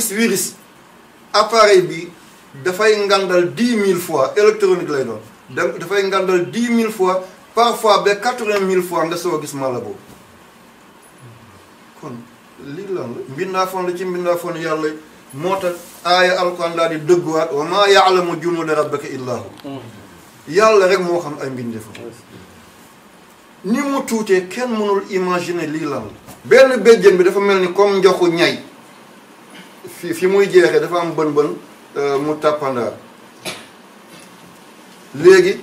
gis virus bi dafay ngandal dix mille fois électronique lay doon dafay ngandal dix mille fois parfois ba quatre-vingt mille fois nga soo gis mala boobu kon lii lan la mbindaafoon la ci mbindaafoon yàlla moo tax aaya alquran dëgguwaat wa maa yaalamu junuuda rabbika illaahu mm-hmm. yàlla rek moo xam ay mbindeefam ni mu tuutee kenn mënul imaginer lii lan la benn béjjén bi dafa mel ni comme njoxu ñay fi fi muy jeexee dafa am bën bën euh, mu tàppandaar léegi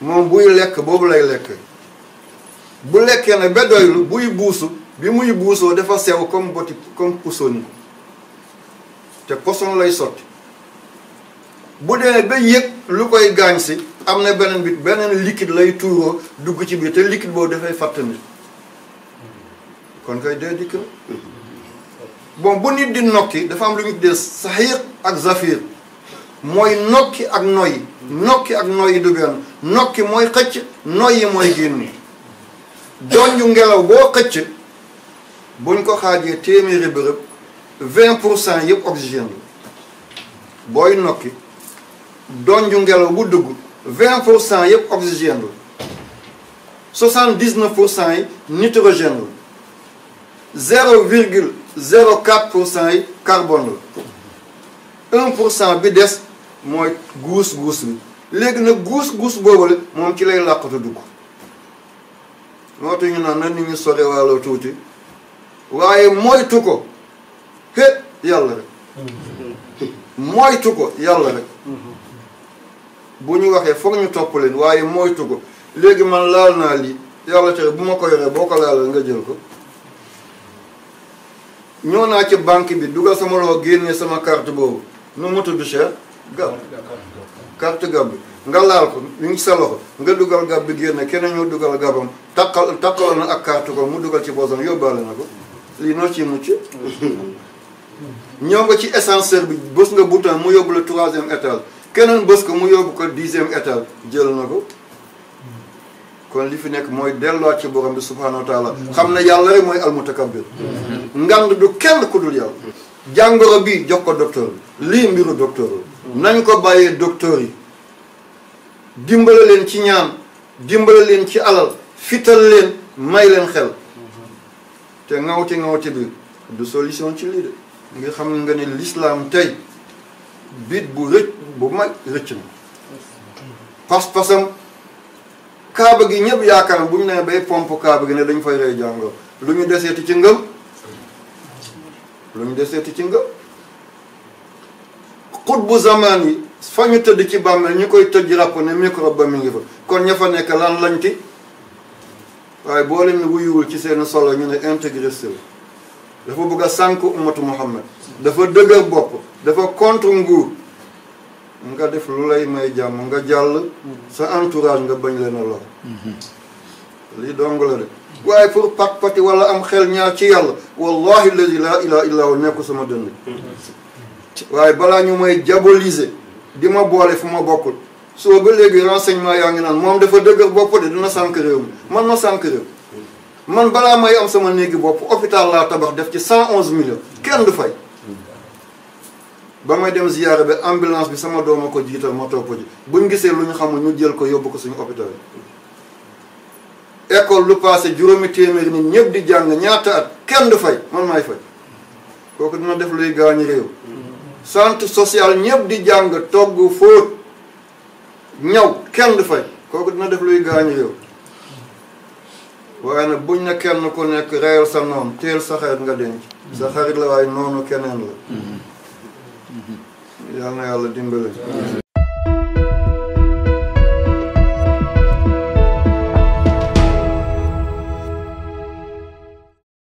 moom buy lekk boobu lay lekk bu lekkee nag ba doylu buy buusu bi muy buusoo dafa sew comme boti comme poson te poson lay sotti bu dee ba yëg lu koy gaañ si am na beneen bi beneen liquide lay tuuroo dugg ci biir te liquide boobu dafay fàtt nit kon koy dee dikk na mm-hmm. bon bu nit di nokki dafa am lu ñu tuddee saxiir ak zafir mooy nokki ak noyyi nokki ak noyyi du benn nokki mooy xëcc noyyi mooy génn doon yu ngelaw boo xëcc buñ ko xaajee téeméeri bërëb vingt pour cent yëpp oxygène la booy nokki doon yu ngelaw bu dugg vingt pour cent yëpp oxygène la soixante dix neuf pour cent yi nitrogène la zéro virgule zéro quatre pour cent yi carbone la un pour cent bi des mooy guus guus bi léegi nag guus guus boobu la moom ci lay làqatu dugg moo tax ñu na nit ñu sore wàllu tuuti waaye moytu ko hé yàlla rek moytu ko yàlla rek bu ñu waxee foog ñu topp leen waaye moytu ko léegi man laal naa lii yàlla tere bu ma ko yoree boo ko laalee nga jël ko ñoo naa ci banque bi dugal sama loo génne sama carte boobu nu mu tudd cher gab carte gab bi nga laal ko ñu ngi sa loxo nga dugal gab bi génne keneen ñoo dugal gabam takkal takkal na ak carte ko mu dugal ci boosam yóbbaale na ko lii noo ci mucc ñëw nga ci ascenseur bi bës nga bouton mu yóbbu la troisième étage keneen bës ko mu yóbbu ko dixième étage jël na ko kon li fi nekk mooy delluwaat ci borom bi subhanahu wa taala xam ne yàlla rek mooy almutakabbir ngand du kenn ku dul yàlla jàngoro bi jox ko docteur bi lii mbiru docteur la nañ ko bàyyee docteur yi dimbale leen ci ñaan dimbale leen ci alal fital leen may leen xel te ngawti ngawti bi du solution ci lii de nga xam nga ni lislaam tey biit bu rëcc bu mag rëcc na pas-pasam kaaba gi ñëpp yaakaar bu ñu nee bay pomp kaaba gi ne dañ fay ree jàngoro lu ñu deseeti ci ngëm lu ñu deseeti ci ngëm xut bu zamaan yi fa ñu tëdd ci bàmmeel ñu koy tëj ràpp ne microbe ba mi ngi fa kon ña fa nekk lan lañ ti waaye boo leen wuyuwul ci seen solo ñu ne intégriste la dafa bëgg a sànk ummatu muhammad dafa dëgër bopp dafa contre nguur nga def lu lay may jàmm nga jàll mm-hmm. sa entourage nga bañ leen a lor mm-hmm. lii dong la de waaye pour pat pati wala am xel ñaar ci yàlla wallahi léegi laa ilaa illaa hu nekku sama bi mm-hmm. waaye balaa ñu may diaboliser di ma boole fu ma bokkul soo ba léegi renseignement yaa ngi naan moom dafa dëgër bopp de dina sànq man ma sànq man balaa may am sama néegi bopp hôpital laa tabax def ci cent onze millions kenn du fay ba may dem ziyaara bi ambulance bi sama doom a ko jiital ma topp ji buñ gisee lu ñu xamul ñu jël ko yóbbu ko suñu hôpital yi lu passé juróomi téeméeri nit ñëpp di jàng ñaata at kenn du fay man maay fay kooku dina def luy gaañu réew centre social ñëpp di jàng togg fóot ñaw kenn du fay kooku dina def luy gaañu réew waaye nag buñ ne kenn ku nekk reyal sa noon teel sa xarit nga denc sa xarit la waaye noonu keneen la yal na yàlla dimbali